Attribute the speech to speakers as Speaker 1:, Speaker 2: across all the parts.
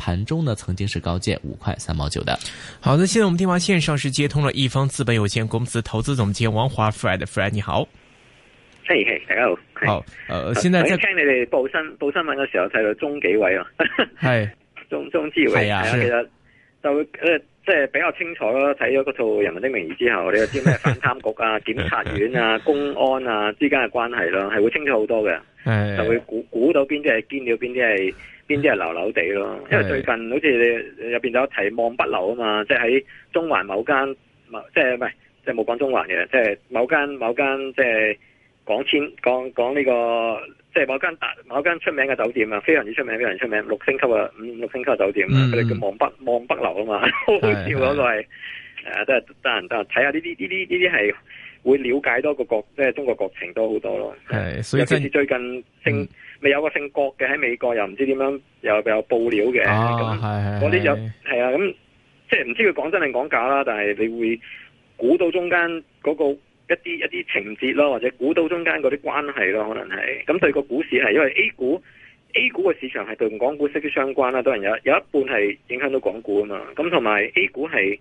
Speaker 1: 盤中呢曾經是高見五塊三毛九的。
Speaker 2: 好的，現在我們電話線上是接通了一方資本有限公司投資總監王華 （Fred）。Fred，你好。嘿、
Speaker 3: hey, hey,，大家好。
Speaker 2: 好、oh,，呃，現在在聽
Speaker 3: 你哋報新報新聞嘅時候睇到中紀委 中 啊？係中中紀委啊，其實就誒即係比較清楚咯。睇咗嗰套《人民的名義》之後，你又知咩反貪局啊、檢 察院啊、 公安啊之間嘅關係咯，係會清楚好多嘅。係， 就會估估到邊啲係堅料，邊啲係。邊啲係流流地咯？因為最近好似你入面，有提望北樓啊嘛，即係喺中環某間即係唔係，即係冇講中環嘅，即係某間某間，即係講千講講呢個，即係某間大某間出名嘅酒店啊，非常之出名，非常出名，六星級啊，五六星級酒店啊，佢、嗯、哋叫望北望北樓啊嘛，好笑咯 是，佢係誒都係得人得睇下呢啲呢啲呢啲係會了解多個國，即係中國國情多好多咯。
Speaker 2: 係，所以，尤其是最近升。嗯.
Speaker 3: 未有個姓郭嘅喺美國，又唔知點樣，又有報料嘅，咁嗰啲有，係啊，咁即係唔知佢講真定講假啦。但係你會估到中間嗰個一啲一啲情節咯，或者估到中間嗰啲關係咯，可能係咁對個股市係因為 A 股 A 股嘅市場係同港股息息相關啦，都有有一半係影響到港股啊嘛。咁同埋 A 股係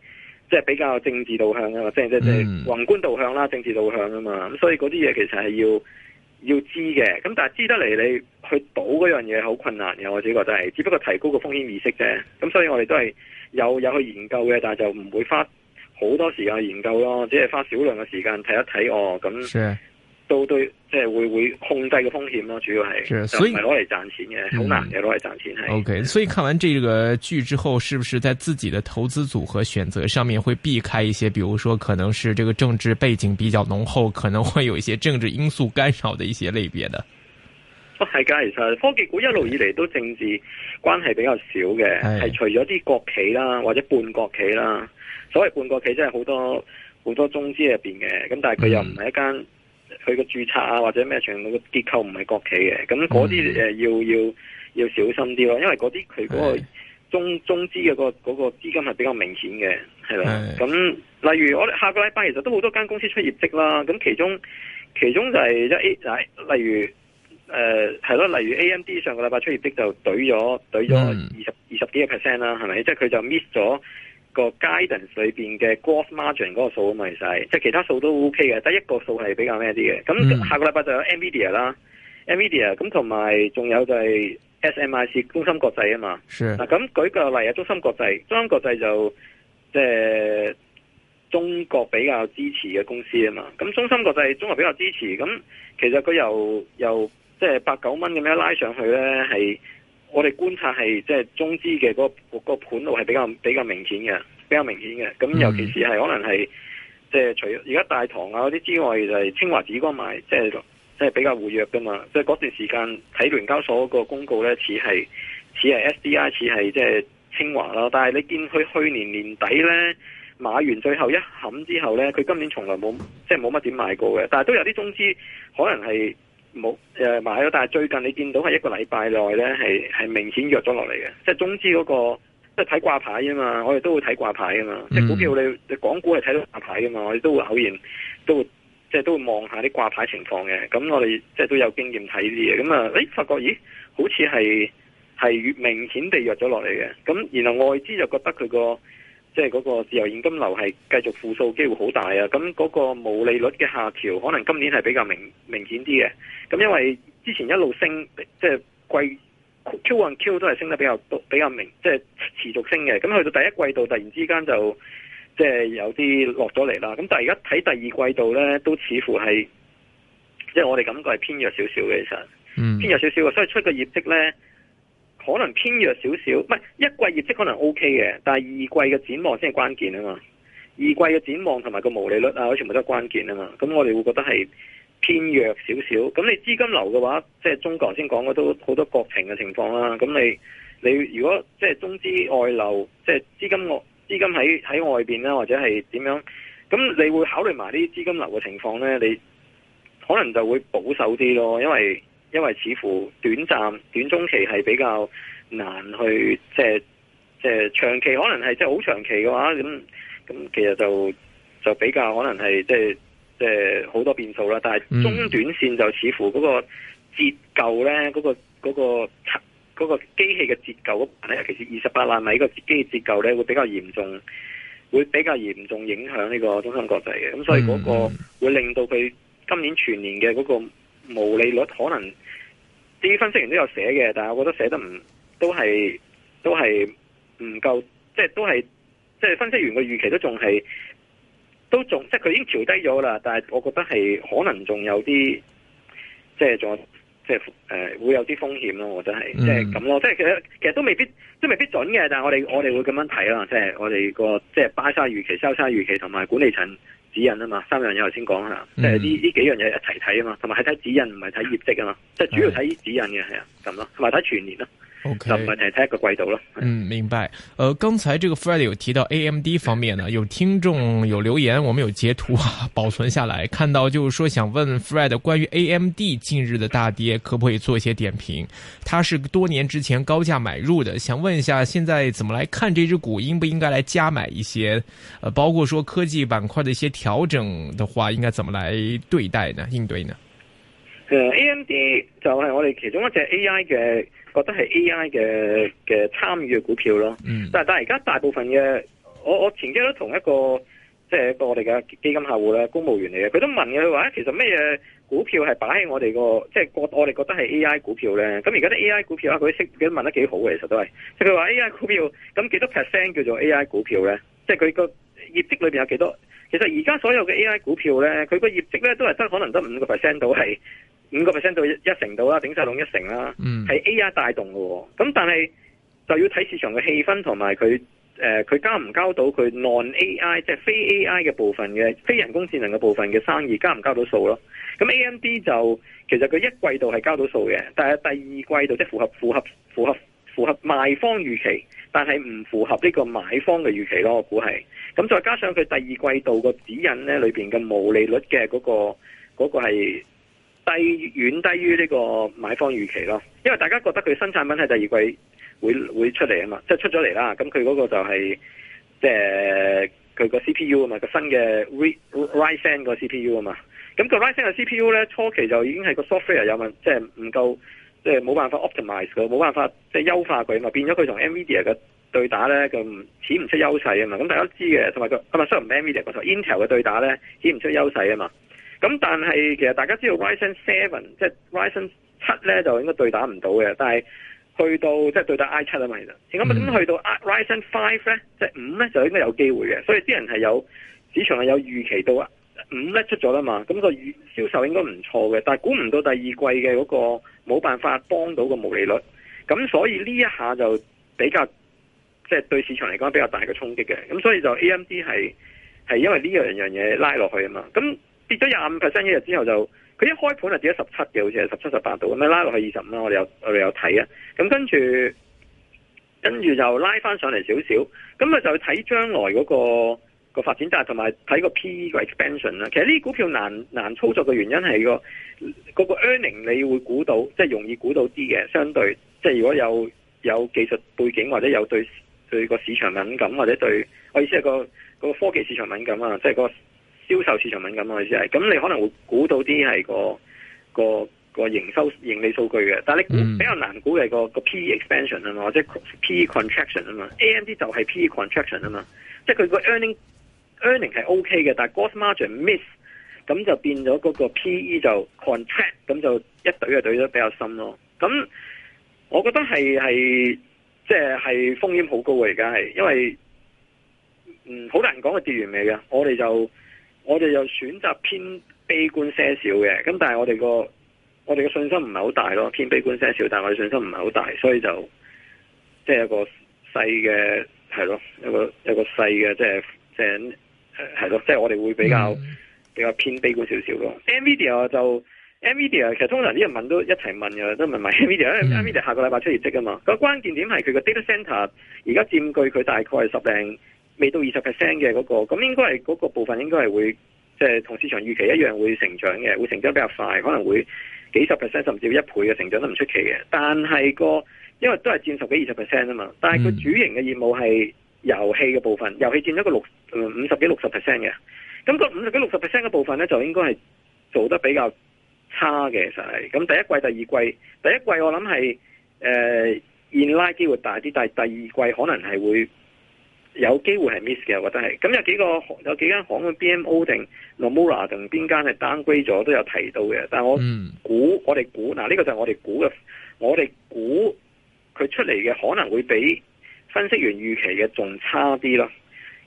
Speaker 3: 即係比較政治導向啊嘛，即係即係宏觀導向啦，政治導向啊嘛。咁所以嗰啲嘢其實係要。要知嘅，咁但係知得嚟，你去賭嗰樣嘢好困難嘅，我自己覺得係，只不過提高個風險意識啫。咁所以我哋都係有有去研究嘅，但係就唔會花好多時間去研究咯，只係花少量嘅時間睇一睇哦。咁。都對，即係會會控制嘅風險咯，啊，主要係，所以攞嚟賺錢嘅，好難嘅
Speaker 2: 攞嚟賺錢係。OK，所以看完這個劇之後，是不是在自己嘅投資組合選擇上面會避開一些，比如說可能是這個政治背景比較濃厚，可能會有一些政治因素干擾的一些類別呢？
Speaker 3: 啊係噶，其實科技股一路以嚟都政治關係比較少嘅，係除咗啲國企啦，或者半國企啦，所謂半國企即係好多好多中資入邊嘅，咁但係佢又唔係一間。佢個註冊啊，或者咩場，嗰個結構唔係國企嘅，咁嗰啲要、嗯、要要、要小心啲咯，因為嗰啲佢嗰個中中資嘅個嗰個資金係比較明顯嘅，係啦。咁例如我哋下個禮拜其實都好多間公司出業績啦，咁其中其中就係一例、呃，例如誒係咯，例如 AMD 上個禮拜出業績就對咗懟咗二十二十幾個 percent 啦，係、嗯、咪？即係佢就 miss 咗。個 guidance 裏邊嘅 growth margin 嗰個數咁細，即係其他數都 O K 嘅，得一個數係比較咩啲嘅。咁下個禮拜就有 Nvidia 啦，Nvidia 咁同埋仲有就係 SMIC 中芯國際啊嘛。嗱咁舉個例啊，中芯國際，中芯國際就即係中國比較支持嘅公司啊嘛。咁中芯國際中國比較支持，咁其實佢又又即係八九蚊咁樣拉上去咧，係。是我哋觀察係即係中資嘅嗰、嗰個嗰個盤路係比較比較明顯嘅，比較明顯嘅。咁尤其是係可能係即係除咗而家大堂啊嗰啲之外，就係、係、清華紫光買，即係即係比較活躍㗎嘛。即係嗰段時間睇聯交所個公告咧，似係似係 SDI，似係即係清華啦。但係你見佢去年年底咧買完最後一冚之後咧，佢今年從來冇即係冇乜點買過嘅。但係都有啲中資可能係。冇誒買咗，但係最近你見到係一個禮拜內咧係係明顯弱咗落嚟嘅，即係中資嗰個即係睇掛牌啊嘛，我哋都會睇掛牌啊嘛，即係股票你你港股係睇到掛牌啊嘛，我哋都會偶然都，都會即係都會望下啲掛牌情況嘅，咁我哋即係都有經驗睇啲嘢，咁啊誒發覺咦好似係係越明顯地弱咗落嚟嘅，咁然後外資就覺得佢個。即係嗰個自由現金流係繼續負數機會好大啊！咁嗰個毛利率嘅下調可能今年係比較明明顯啲嘅，咁因為之前一路升，即係季 Q on Q 都係升得比較比較明，即係持續升嘅。咁去到第一季度突然之間就即係有啲落咗嚟啦。咁但係而家睇第二季度咧，都似乎係即係我哋感覺係偏弱少少嘅其實，偏弱少少嘅，所以出嘅業績咧。可能偏弱少少，唔係一季業績可能 O K 嘅，但係二季嘅展望先係關鍵啊嘛。二季嘅展望同埋個毛利率啊，佢全部都係關鍵啊嘛。咁我哋會覺得係偏弱少少。咁你資金流嘅話，即、就、係、是、中國頭先講過都好多國情嘅情況啦。咁你你如果即係中資外流，即係資金資金喺喺外邊啦、啊，或者係點樣，咁你會考慮埋啲資金流嘅情況呢？你可能就會保守啲咯，因為。因為似乎短暫、短中期係比較難去，即係即係長期，可能係即係好長期嘅話，咁咁其實就就比較可能係即係即係好多變數啦。但係中短線就似乎嗰個折舊咧，嗰、那個嗰、那個嗰、那個機、那個、器嘅折舊，尤其是二十八納米個機器折舊咧，會比較嚴重，會比較嚴重影響呢個中芯國際嘅。咁所以嗰個會令到佢今年全年嘅嗰、那個。毛利率可能啲分析員都有寫嘅，但係我覺得寫得唔都係都係唔夠，即係都係即係分析員嘅預期都仲係都仲即係佢已經調低咗啦，但係我覺得係可能仲有啲即係仲有即係誒、呃、會有啲風險咯，我覺得係即係咁咯，即係其實其實都未必都未必準嘅，但係我哋我哋會咁樣睇啦，即係我哋、個即係巴沙預期、收沙預期同埋管理層。指引啊嘛，三樣嘢頭先講吓，即係呢呢幾樣嘢一齊睇啊嘛，同埋睇睇指引唔係睇業績啊嘛，即係主要睇指引嘅係啊，咁咯，同埋睇全年咯。O K，就係第
Speaker 2: 一個季度咯。嗯，明白。呃，剛才這個 Fred 有提到 A M D 方面呢，有聽眾有留言，我們有截圖啊保存下來看到，就是說想問 Fred 關於 A M D 近日的大跌，可不可以做一些點評？他是多年之前高價買入的，想問一下，現在怎麼來看這隻股，應不應該來加買一些？呃，包括說科技板塊的一些調整的話，應該怎麼來對待呢？應對呢？誒，
Speaker 3: 呃，A M D 就係我哋其中一隻 A I 嘅。覺得係 A I 嘅嘅參與嘅股票咯，嗯、但但而家大部分嘅，我我前幾日都同一個即係一個我哋嘅基金客戶咧，公務員嚟嘅，佢都問嘅佢話其實咩嘢股票係擺喺我哋個即係我我哋覺得係 A I 股票咧，咁而家啲 A I 股票啊，佢都識佢都問得幾好嘅，其實都係，即係佢話 A I 股票咁幾多 percent 叫做 A I 股票咧，即係佢個業績裏邊有幾多？其實而家所有嘅 A I 股票咧，佢個業績咧都係得可能得五個 percent 到係。五個 percent 到一成度啦，頂晒籠一成啦，係 A.I. 帶動嘅，咁但係就要睇市場嘅氣氛同埋佢誒，佢、呃、交唔交到佢 non A.I. 即係非 A.I. 嘅部分嘅非人工智能嘅部分嘅生意，交唔交到數咯？咁 A.M.D. 就其實佢一季度係交到數嘅，但係第二季度即係、就是、符合符合符合符合賣方預期，但係唔符合呢個買方嘅預期咯，我估係。咁再加上佢第二季度個指引咧裏邊嘅毛利率嘅嗰、那個、那個係。低遠低於呢個買方預期咯，因為大家覺得佢新產品喺第二季會會出嚟啊嘛，即係出咗嚟啦。咁佢嗰個就係、是、即係佢個 CPU 啊嘛，個新嘅 Ryzen 個 CPU 啊嘛。咁、那個 Ryzen 個 CPU 咧初期就已經係個 software 有問，即係唔夠，即係冇辦法 optimise 佢，冇辦法即係優化佢嘛。變咗佢同 NVIDIA 嘅對打咧咁顯唔出優勢啊嘛。咁大家都知嘅，同埋個同埋雖然唔係 NVIDIA 嗰頭 Intel 嘅對打咧顯唔出優勢啊嘛。咁但係其實大家知道 Ryzen 7即係 Ryzen 七咧，就應該對打唔到嘅，但係去到即係、就是、對打 I 七啊嘛其實，咁咪點去到 Ryzen 5咧，即係五咧就應該有機會嘅。所以啲人係有市場係有預期到啊五咧出咗啦嘛，咁、那個預銷售應該唔錯嘅，但係估唔到第二季嘅嗰、那個冇辦法幫到個毛利率，咁所以呢一下就比較即係、就是、對市場嚟講比較大嘅衝擊嘅。咁所以就 AMD 係係因為呢樣樣嘢拉落去啊嘛，咁。跌咗廿五 percent 一日之後，就佢一開盤就跌咗十七嘅，好似係十七十八度咁樣拉落去二十五啦。我哋有我哋有睇啊。咁跟住，跟住就拉翻上嚟少少。咁啊就睇將來嗰、嗰個、嗰個發展，但係同埋睇個 PE 嘅 expansion 啦。其實呢啲股票難難操作嘅原因係、嗰個個、嗰個 earning，你會估到即係、就是、容易估到啲嘅。相對即係、就是、如果有有技術背景或者有對對個市場敏感或者對我意思係、嗰個、嗰個科技市場敏感啊，即、就、係、是嗰個。銷售市場敏感啊，我意思係，咁你可能會估到啲係個個個營收盈利數據嘅，但係你比較難估係個、嗯嗰個 P E expansion 啊嘛，或者 P E contraction 啊嘛，A M D 就係 P E contraction 啊嘛，即係佢個 earning earning 係 O K 嘅，但係 gross margin miss，咁就變咗嗰個 P E 就 contract，咁就一隊就隊得比較深咯。咁我覺得係係即係係風險好高嘅而家係，因為嗯好難講個跌完未嘅，我哋就。我哋又選擇偏悲觀些少嘅，咁但係我哋個我哋嘅信心唔係好大咯，偏悲觀些少，但係我哋信心唔係好大，所以就即係有個細嘅係咯，有、就、個、是、一個細嘅即係正，係係咯，即係、就是就是、我哋會比較、嗯、比較偏悲觀少少咯。Nvidia 就 Nvidia 其實通常啲人問都一齊問嘅，都問埋 Nvidia、嗯、因為 Nvidia 下個禮拜出業績啊嘛。咁、那個、關鍵點係佢個 data center 而家佔據佢大概十零，未到二十 percent 嘅嗰個，咁應該係嗰個部分應該係會，即係同市場預期一樣會成長嘅，會成長得比較快，可能會幾十 percent 甚至一倍嘅成長都唔出奇嘅。但係、個因為都係佔十幾二十 percent 啊嘛，但係佢主營嘅業務係遊戲嘅部分，遊戲佔咗個六五十幾六十 percent 嘅，咁、嗯個五十幾六十 percent 嘅部分咧就應該係做得比較差嘅，其實係。咁第一季、第二季，第一季我諗係誒 in-line 機會大啲，但係第二季可能係會。有機會係 miss 嘅，我覺得係。咁有幾個有幾間行嘅 BMO 定 Nomura 定邊間係 downgrade 咗都有提到嘅。但我估我哋估嗱，呢、這個就係我哋估嘅。我哋估佢出嚟嘅可能會比分析員預期嘅仲差啲咯。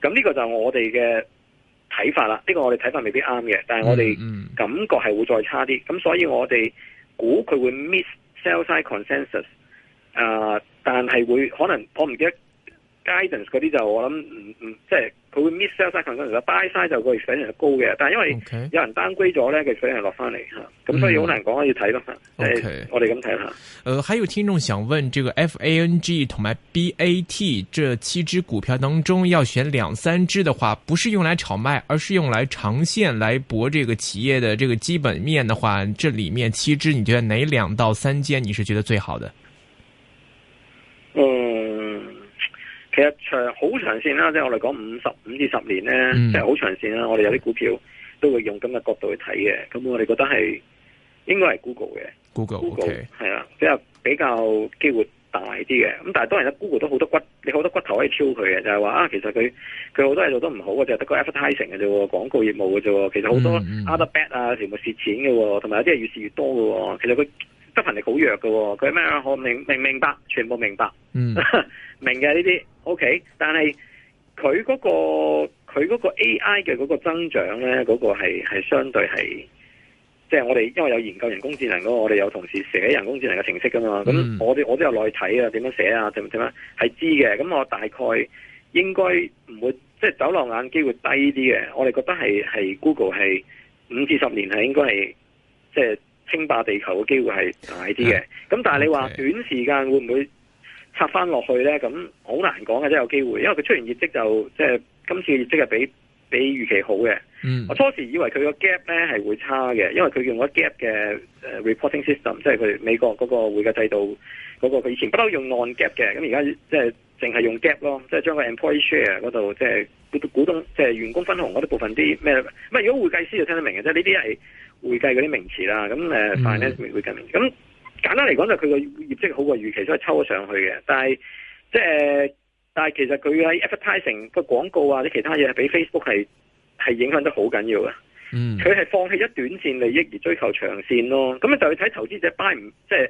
Speaker 3: 咁呢個就係我哋嘅睇法啦。呢、這個我哋睇法未必啱嘅，但係我哋感覺係會再差啲。咁所以我哋估佢會 miss sell side consensus、呃、但係會可能我唔記得。Guidance 嗰啲就我諗唔唔即係佢會 miss sell 晒佢嗰陣時，buy 晒就個水平就高嘅。但係因為有人 downgrade 咗咧，個水平係落翻嚟吓。咁所以好難講，可以睇咯。Okay.
Speaker 2: 我哋咁睇下。呃，還有聽眾想問，這個 FANG 同埋 BAT 這七支股票當中，要選兩三支的話，不是用來炒賣，而是用來長線來博這個企業的這個基本面的話，這裏面七支，你覺得哪兩到三間，你是覺得最好的？
Speaker 3: 嗯。其實長好長線啦、嗯，即係我哋講五十五至十年咧，即係好長線啦。我哋有啲股票都會用咁嘅角度去睇嘅，咁我哋覺得係應該係 Google 嘅
Speaker 2: ，Google，Google
Speaker 3: 係啦，比較、okay. 比較機會大啲嘅。咁但係當然啦，Google 都好多骨，你好多骨頭可以挑佢嘅，就係、是、話、啊、其實佢佢好多嘢做得唔好嘅，就係得個 Advertising 嘅啫，廣告業務嘅啫。其實好多、嗯、Other Bad 啊，全部蝕錢嘅、哦，同埋有啲係越蝕越多嘅、哦。其實佢執行力好弱嘅、哦，佢咩我明明明白，全部明白，嗯、 明嘅呢啲。O、okay, K，但係佢嗰個佢嗰個 A I 嘅嗰個增長咧，嗰、嗰個係係相對係，即、就、係、是、我哋因為有研究人工智能嗰個，我哋有同事寫人工智能嘅程式噶嘛，咁、嗯、我哋我都有內睇啊，點樣寫啊，點點，係知嘅。咁我大概應該唔會，即、就、係、是、走漏眼機會低啲嘅。我哋覺得係係 Google 係五至十年係應該係，即係稱霸地球嘅機會係大啲嘅。咁、嗯、但係你話短時間會唔會？插翻落去咧，咁好難講嘅，即係有機會，因為佢出完業績就即係、就是、今次嘅業績係比比預期好嘅。Mm. 我初時以為佢個 gap 咧係會差嘅，因為佢用咗 gap 嘅 reporting system，即係佢美國嗰個會計制度嗰、那個，佢以前不嬲用按 gap 嘅，咁而家即係淨係用 gap 咯，即係將個 employee share 嗰度即係股股東即係、就是、員工分紅嗰啲部分啲咩？唔係，如果會計師就聽得明嘅，即係呢啲係會計嗰啲名詞啦。咁誒 finance 會計名詞。Mm. 簡單嚟講就係佢個業績好過預期，都係抽咗上去嘅。但係即係，但係其實佢喺 Advertising 個廣告啊啲其他嘢係俾 Facebook 係係影響得好緊要嘅。嗯，佢係放棄一短線利益而追求長線咯。咁就去睇投資者 buy 唔即係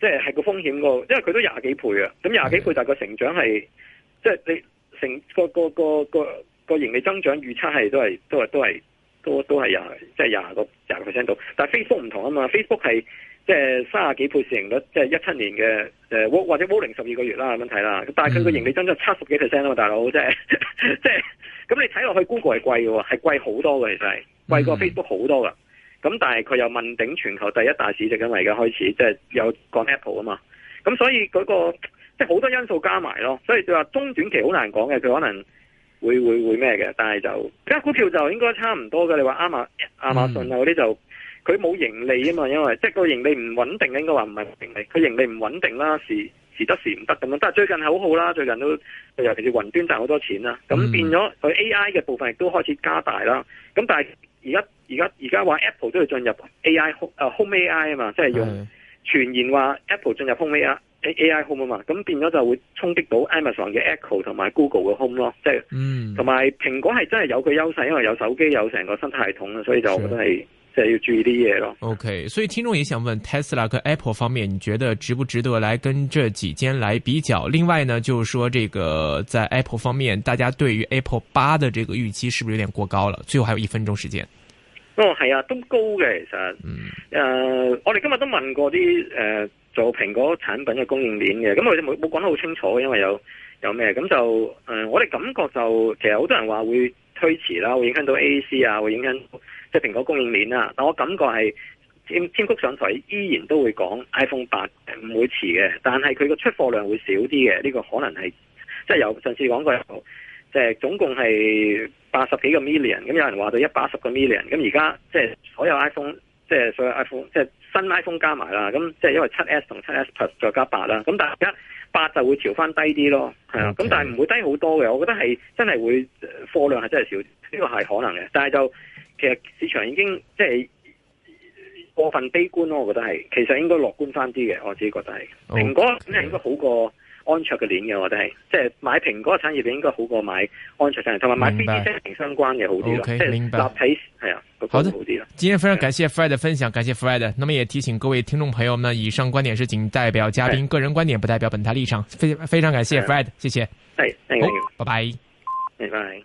Speaker 3: 即係係個風險個，因為佢都廿幾倍啊。咁廿幾倍就個成長係、嗯、即係你成個個個個個盈利增長預測係都係都係都係。都都係廿即係廿個廿個 percent 度，但係 Facebook 唔同啊嘛、嗯、Facebook 係即係三十幾倍市盈率，即係一七年嘅誒、呃，或者 v 零十二個月啦咁樣睇啦。但係佢個盈利增長七十幾 percent 啊嘛，大佬即係即係咁你睇落去 Google 係貴嘅喎，係貴好多嘅，其實係貴過 Facebook 好多噶。咁但係佢又問鼎全球第一大市值，因為而家開始即係、就是、有講 Apple 啊嘛。咁所以嗰、那個即係好多因素加埋咯，所以就話中短期好難講嘅，佢可能。會會會咩嘅？但係就而家股票就應該差唔多嘅。你話亞馬亞馬遜啊嗰啲，就佢冇盈利啊嘛，因為即係個盈利唔穩定，應該話唔係盈利，佢盈利唔穩定啦，時時得時唔得咁樣。但係最近係好好啦，最近都尤其是雲端賺好多錢啦，咁變咗佢 AI 嘅部分亦都開始加大啦。咁但係而家而家而家話 Apple 都要進入 AI、呃、Home 誒 Home AI 啊嘛，即係用。嗯傳言話 Apple 進入 Home AI AI Home 啊嘛，咁變咗就會衝擊到 Amazon 嘅 Echo 同埋 Google 嘅 Home 咯，即係，嗯，同埋蘋果係真係有佢優勢，因為有手機有成個生態系統啊，所以就我覺得係即係要注意啲嘢咯。
Speaker 2: OK，所以聽眾也想問 Tesla 跟 Apple 方面，你覺得值不值得來跟這幾間來比較？另外呢，就是說這個在 Apple 方面，大家對於 Apple 八的這個預期是不是有點過高了？最後還有一分鐘時間。
Speaker 3: 哦，係啊，都高嘅，其實，誒、呃，我哋今日都問過啲誒、呃、做蘋果產品嘅供應鏈嘅，咁我哋冇冇講得好清楚，因為有有咩，咁就誒、呃，我哋感覺就其實好多人話會推遲啦，會影響到 A C 啊，會影響即係蘋果供應鏈啦，但我感覺係天谷上台依然都會講 iPhone 八唔會遲嘅，但係佢個出貨量會少啲嘅，呢個可能係即係有上次講過有。即係總共係八十幾個 million，咁有人話到一百十個 million，咁而家即係所有 iPhone，即係所有 iPhone，即係新 iPhone 加埋啦，咁即係因為七 S 同七 S Plus 再加八啦，咁但係一八就會調翻低啲咯，係、okay. 啊，咁但係唔會低好多嘅，我覺得係真係會貨量係真係少，呢個係可能嘅，但係就其實市場已經即係、就是、過分悲觀咯，我覺得係，其實應該樂觀翻啲嘅，我自己覺得係，蘋、okay. 果應該好過。安卓嘅鏈嘅我覺得係，即係買蘋果嘅產業鏈應該好過買安卓產業，同埋買 B D C 相關嘅好啲 ok 係立係啊，個股好啲咯。
Speaker 2: 好的，今天非常感謝 Fred 嘅分享的，感謝 Fred。那麼也提醒各位聽眾朋友們，以上觀點是僅代表嘉賓個人觀點，不代表本台立場。非非常感謝 Fred，謝謝。係，thank you，拜拜。拜拜。